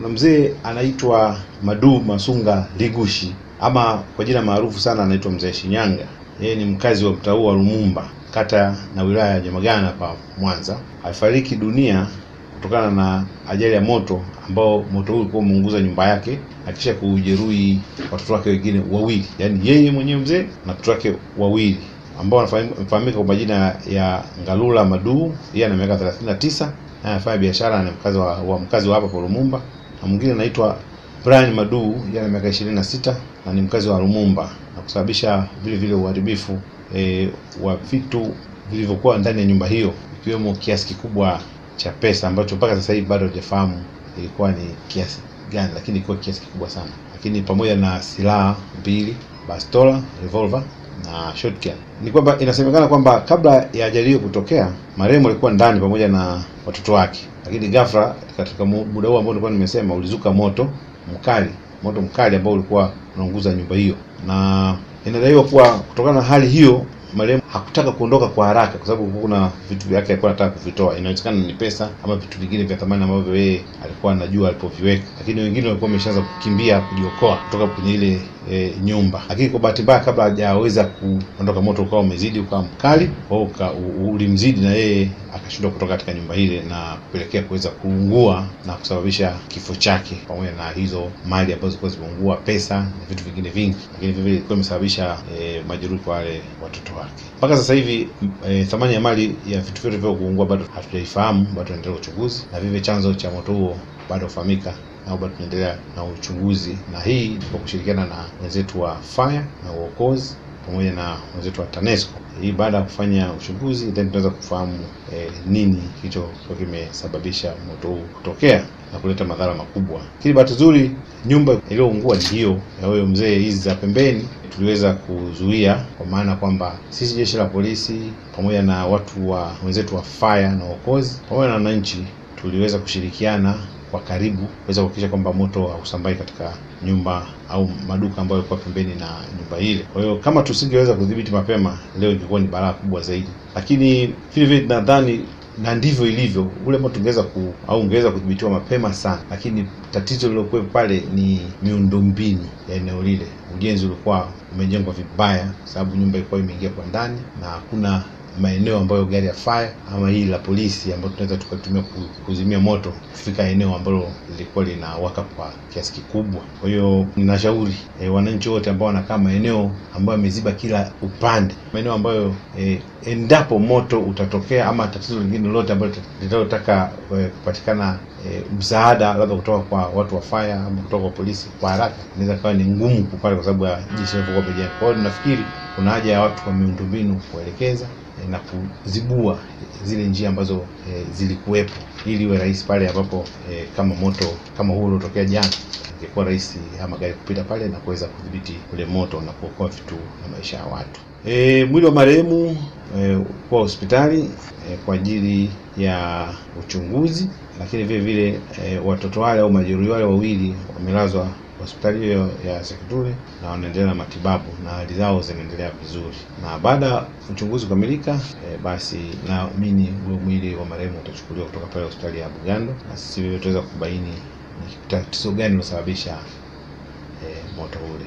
Kuna mzee anaitwa Madu Masunga Ligushi ama kwa jina maarufu sana anaitwa mzee Shinyanga. Yeye ni mkazi wa mtaa wa Lumumba, kata na wilaya ya Nyamagana pa Mwanza. Alifariki dunia kutokana na ajali ya moto ambao moto huu ulikuwa umeunguza nyumba yake na kisha kujeruhi watoto wake wengine wawili, yaani yeye mwenyewe mzee na watoto wake wawili ambao wanafahamika kwa majina ya Ngalula Maduu. Yeye ana miaka 39 anafanya biashara na mkazi wa, wa mkazi wa hapa Lumumba na mwingine anaitwa Brian Madu yana miaka 26 na ni mkazi wa Lumumba na kusababisha vile vile uharibifu e, wa vitu vilivyokuwa ndani ya nyumba hiyo ikiwemo kiasi kikubwa cha pesa ambacho mpaka sasa hivi bado hajafahamu ilikuwa ni kiasi gani, lakini ilikuwa kiasi kikubwa sana, lakini pamoja na silaha mbili, bastola, revolver na Shotgun ni kwamba inasemekana kwamba kabla ya ajali hiyo kutokea, marehemu alikuwa ndani pamoja na watoto wake, lakini ghafla katika muda huo ambao nilikuwa nimesema ulizuka moto mkali, moto mkali ambao ulikuwa unaunguza nyumba hiyo na Inadaiwa kuwa kutokana na hali hiyo marehemu hakutaka kuondoka kwa haraka, kwa sababu kuna vitu vyake alikuwa anataka kuvitoa. Inawezekana ni pesa ama vitu vingine vya thamani ambavyo yeye alikuwa anajua alipoviweka, lakini wengine walikuwa wameshaanza kukimbia kujiokoa kutoka kwenye ile e, nyumba. Lakini kwa bahati mbaya, kabla hajaweza kuondoka, moto ukawa umezidi ukawa mkali, ulimzidi na yeye akashindwa kutoka katika nyumba ile na kupelekea kuweza kuungua na kusababisha kifo chake, pamoja na hizo mali ambazo zilikuwa zimeungua, pesa na vitu vingine vingi, lakini vile vile ilikuwa imesababisha kusababisha e, eh, majeruhi kwa wale watoto wake. Mpaka sasa hivi e, thamani ya mali ya vitu vyote vya kuungua bado hatujaifahamu, bado tunaendelea uchunguzi, na vivyo chanzo cha moto huo bado hufahamika na bado tunaendelea na uchunguzi, na hii ni kwa kushirikiana na wenzetu wa fire na uokozi pamoja na wenzetu wa TANESCO hii baada ya kufanya uchunguzi then tunaweza kufahamu e, nini kilichokuwa kimesababisha moto huu kutokea na kuleta madhara makubwa. Lakini bahati nzuri nyumba iliyoungua ni hiyo ya huyo mzee, hizi za pembeni tuliweza kuzuia, kwa maana kwamba sisi jeshi la polisi pamoja na watu wa wenzetu wa fire na uokozi pamoja na wananchi tuliweza kushirikiana kwa karibu kuweza kuhakikisha kwamba moto hausambai katika nyumba au maduka ambayo yalikuwa pembeni na nyumba ile. Kwa hiyo kama tusingeweza kudhibiti mapema, leo ingekuwa ni balaa kubwa zaidi, lakini vile vile nadhani na ndivyo ilivyo. Ule moto ungeweza ku au ungeweza kudhibitiwa mapema sana, lakini tatizo lilokuwepo pale ni miundombinu ya eneo lile. Ujenzi ulikuwa umejengwa vibaya, sababu nyumba ilikuwa imeingia kwa ndani na hakuna maeneo ambayo gari ya fire ama hii la polisi ambayo tunaweza tukatumia kuzimia moto kufika eneo ambalo lilikuwa linawaka kwa kiasi kikubwa. Kwa hiyo ninashauri e, wananchi wote ambao wanakaa maeneo ambayo yameziba kila upande, maeneo ambayo e, endapo moto utatokea ama tatizo lingine lolote ambalo litalotaka e, eh, kupatikana e, msaada labda kutoka kwa watu wa fire ama kutoka kwa polisi kwa haraka, inaweza kawa ni ngumu kupata kwa sababu ya mm. jinsi ilivyokuwa pembeni. Kwa hiyo nafikiri kuna haja ya watu wa miundombinu kuelekeza e, na kuzibua zile njia ambazo e, zilikuwepo ili iwe rahisi pale ambapo e, kama moto kama huo uliotokea jana ingekuwa rahisi ya magari kupita pale na kuweza kudhibiti ule moto na kuokoa vitu na maisha ya watu. E, mwili wa marehemu e, kwa hospitali e, kwa ajili ya uchunguzi, lakini vile vile e, watoto wale au majeruhi wale wawili wamelazwa hospitali hiyo ya Seketure na wanaendelea na matibabu na hali zao zinaendelea vizuri, na baada ya uchunguzi kukamilika, e, basi naamini huo mwili wa marehemu utachukuliwa kutoka pale hospitali ya Bugando na sisi tutaweza kubaini ni tatizo gani lilosababisha e, moto ule.